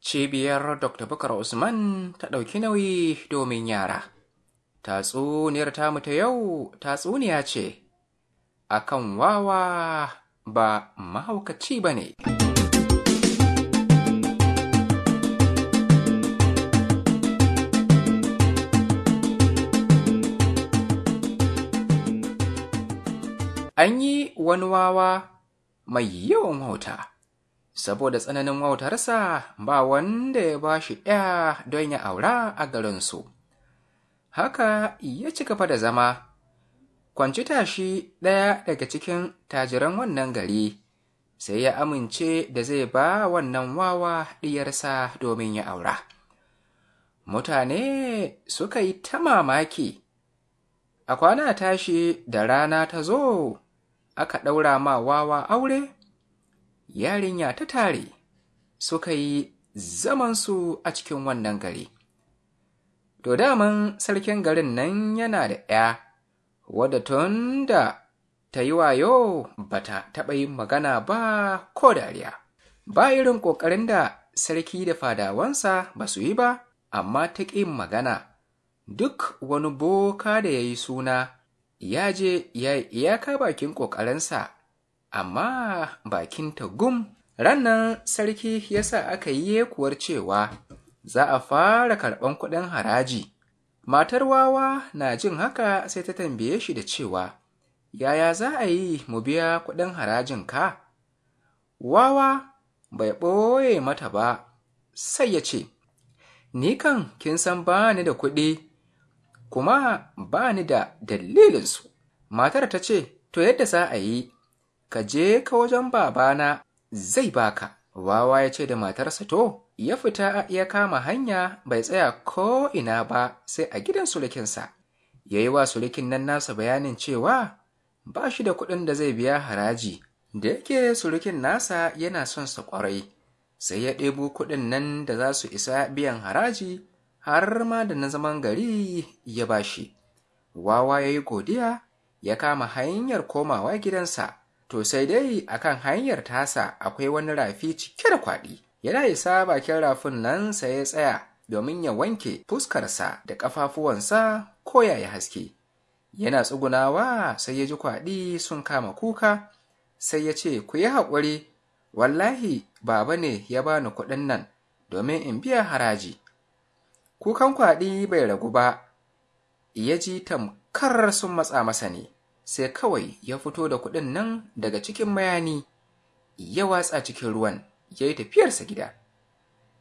cibiyar dr bukar usman ta ɗauki nauyi domin yara tatsuniyar tamu ta yau tatsuniya ce akan wawa ba mahaukaci ba ne an yi wani wawa mai yawan wauta saboda tsananin wautarsa ba wanda ya ba shi ɗaya don ya aura a garinsu. Haka ya ci gaba da zama, kwanci tashi ɗaya daga cikin tajiran wannan gari, sai ya amince da zai ba wannan wawa ɗiyarsa domin ya aura. Mutane suka yi ta mamaki, a kwana tashi da rana ta zo, aka ɗaura ma wawa aure? yarinya ta tare suka yi zamansu a cikin wannan gari. To daman sarkin garin nan yana da ‘ya, wadda tun da ta yi wayo ba ta taɓa yin magana ba ko dariya. Ba irin ƙoƙarin da sarki da fadawansa ba su yi ba, amma ta ƙin magana. Duk wani boka da ya yi suna, ya je ya yi iyaka bakin ƙoƙarinsa amma bakinta gum. Rannan sarki ya sa aka yi yekuwar cewa za a fara karɓan kuɗin haraji. Matar wawa na jin haka sai ta tambaye shi da cewa, Yaya za a yi mu biya kuɗin harajin ka? Wawa bai ɓoye mata ba, sai ya ce, Ni kan kin san ba ni da kuɗi, kuma ba ni da dalilinsu. Matar ta ce, To yadda za a yi, ka je ka wajen babana zai baka. Wawa ya ce da matarsa to, ya fita ya kama hanya bai tsaya ko ina ba sai a gidan surukinsa. Ya yi wa sulikin nan nasa bayanin cewa ba shi da kuɗin da zai biya haraji, da yake surukin nasa yana son sa ƙwarai, sai ya ɗebo kuɗin nan da za su isa biyan haraji har ma da na zaman gari ya bashi. Wawa ya yi godiya, ya kama hanyar komawa gidansa. to sai dai kan hanyar tasa akwai wani rafi cike da kwaɗi yana isa bakin rafin nan sai ya tsaya domin ya wanke fuskarsa da ƙafafuwansa ko ya yi haske yana tsugunawa sai ya ji kwaɗi sun kama kuka sai ya ce ku yi haƙuri wallahi baba ne ya bani kuɗin nan domin in biya haraji kukan kwaɗi bai ragu ba ya ji tamkar sun matsa masa ne sai kawai ya fito da kuɗin nan daga cikin mayani ya watsa cikin ruwan ya yi tafiyarsa gida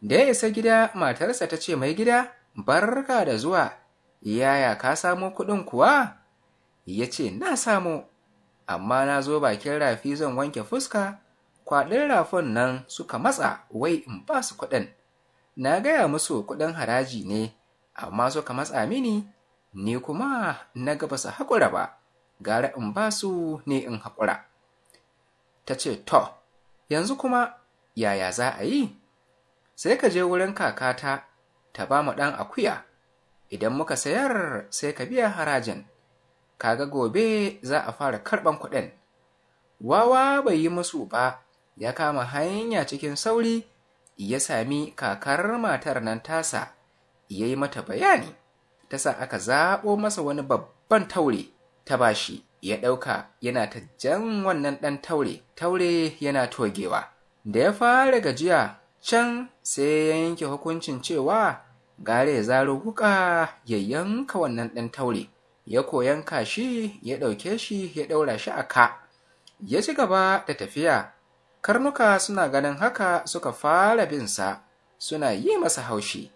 da ya isa gida matarsa ta ce mai gida barka da zuwa yaya ka samo kuɗin kuwa ya ce na samo amma na zo bakin rafi zan wanke fuska kwaɗin rafin nan suka matsa wai in ba su kuɗin na gaya musu kuɗin haraji ne amma suka matsa mini ni kuma na gaba su haƙura ba gara in ba su ne in haƙura ta ce to yanzu kuma yaya za a yi sai ka je wurin kakata ta ba mu ɗan akuya idan muka sayar sai ka biya harajin kaga gobe za a fara karɓan kuɗin wawa bai yi musu ba ya kama hanya cikin sauri ya sami kakar matar nan tasa ya yi mata bayani ta sa aka zaɓo masa wani babban taure ta bashi ya ɗauka yana ta jan wannan ɗan taure, taure yana togewa. Da ya fara gajiya can sai ya yanke hukuncin cewa gare zaro wuka ya yanka wannan ɗan taure, ya koyanka shi ya ɗauke shi ya ɗaura shi a ka. Ya ci gaba da tafiya, karnuka suna ganin haka suka fara bin sa, suna yi masa haushi,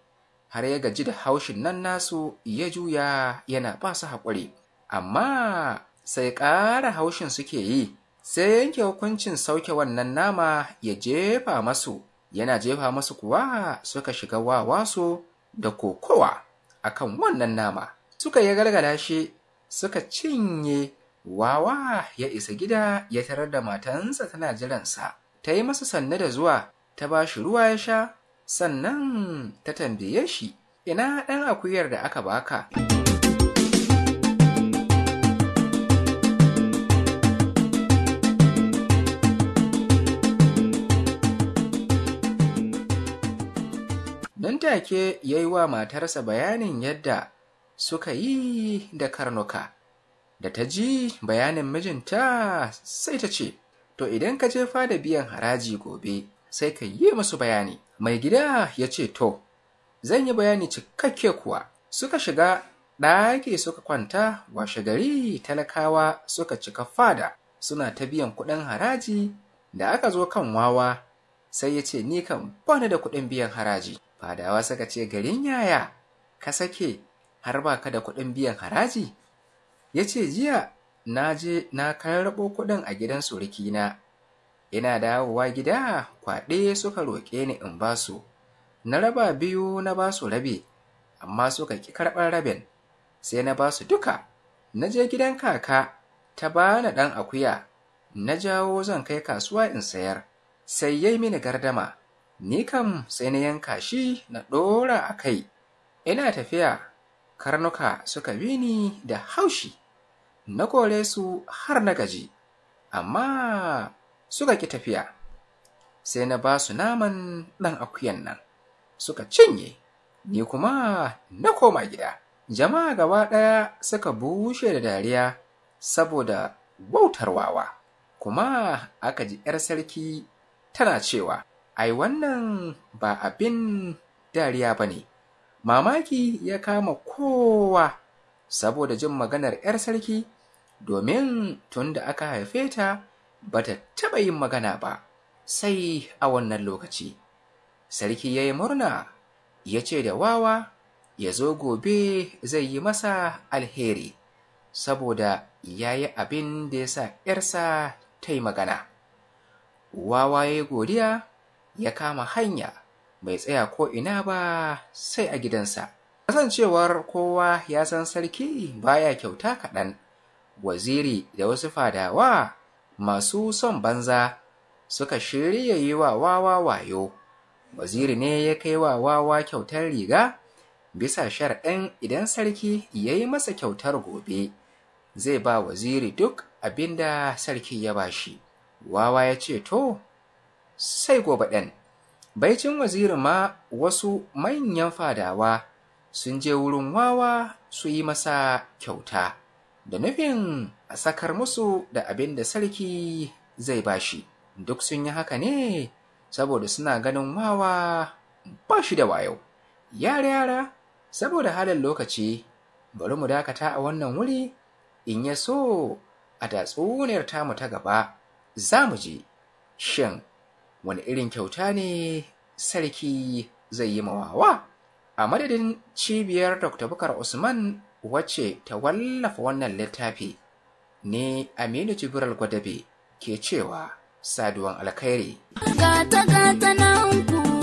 har ya gaji da haushin nan nasu ya juya yana ba su haƙuri. amma sai ƙara haushin suke yi sai yanke hukuncin sauke wannan nama ya jefa masu yana jefa masu kuwa suka shiga wawasu da kokowa akan wannan nama suka yi gargada shi suka cinye wawa ya isa gida ya tarar da matansa tana jiransa ta yi masa sanne da zuwa ta ba shi ruwa ya sha sannan ta tambaye shi ina ɗan akuyar da aka baka. take ya yi wa matarsa bayanin yadda suka yi da karnuka da ta ji bayanin mijinta sai ta ce to idan ka je da biyan haraji gobe sai ka yi musu bayani mai gida ya ce to zan yi bayani cikakke kuwa suka shiga ɗaki suka kwanta washe gari talakawa suka cika fada suna ta biyan kuɗin haraji da aka zo kan wawa sai ya ce ni kan bani da kuɗin biyan haraji fadawa suka ce garin yaya ka sake har ba ka da kuɗin biyan haraji ya ce jiya na je na karɓo kuɗin a gidan surukina ina dawowa gida kwaɗe suka roƙe ni in ba su na raba biyu na ba su rabe amma suka ƙi karɓar rabin sai na ba su duka na je gidan kaka ta ba na ɗan akuya na jawo zan kai kasuwa in sayar sai yai mini gardama ni kam sai na yanka shi na ɗora a kai ina tafiya karnuka suka bi ni da haushi na kore su har na gaji amma suka ki tafiya sai na ba su naman ɗan akuyan nan suka cinye ni kuma na koma gida jama'a gaba ɗaya suka bushe da dariya saboda wautar kuma aka ji 'yar sarki tana cewa ai wannan ba abin dariya ba ne mamaki ya kama kowa saboda jin maganar 'yar sarki domin tun da aka haife ta ba ta taɓa yin magana ba sai a wannan lokaci sarki ya yi murna ya ce da wawa ya zo gobe zai yi masa alheri saboda ya yi abin da ya sa ‘yarsa ta yi magana wawa ya yi godiya ya kama hanya bai tsaya ko ina ba sai a gidansa kasancewar kowa ya san sarki baya kyauta kaɗan waziri da wasu fadawa masu son banza suka shirya yi wa wawa wayo waziri ne ya kai wa wawa kyautar riga bisa sharɗin idan sarki ya yi masa kyautar gobe zai ba waziri duk abinda sarki ya bashi wawa ya ce to sai gobe ɗan, Baicin wazirin ma wasu manyan fadawa sun je wurin wawa su yi masa kyauta, da nufin a sakar musu da abin da sarki zai bashi. Duk sun yi haka ne saboda suna ganin wawa ba shi da wayo. yare yara saboda halin lokaci, bari mu dakata a wannan wuri in ya so a tatsuniyar tamu ta gaba za mu je shin wani irin kyauta ne sarki zai yi mawawa a madadin cibiyar dr bukar usman wacce ta wallafa wannan littafi ne aminu jibiral gwadabe ke cewa saduwan alkhairi gata gata na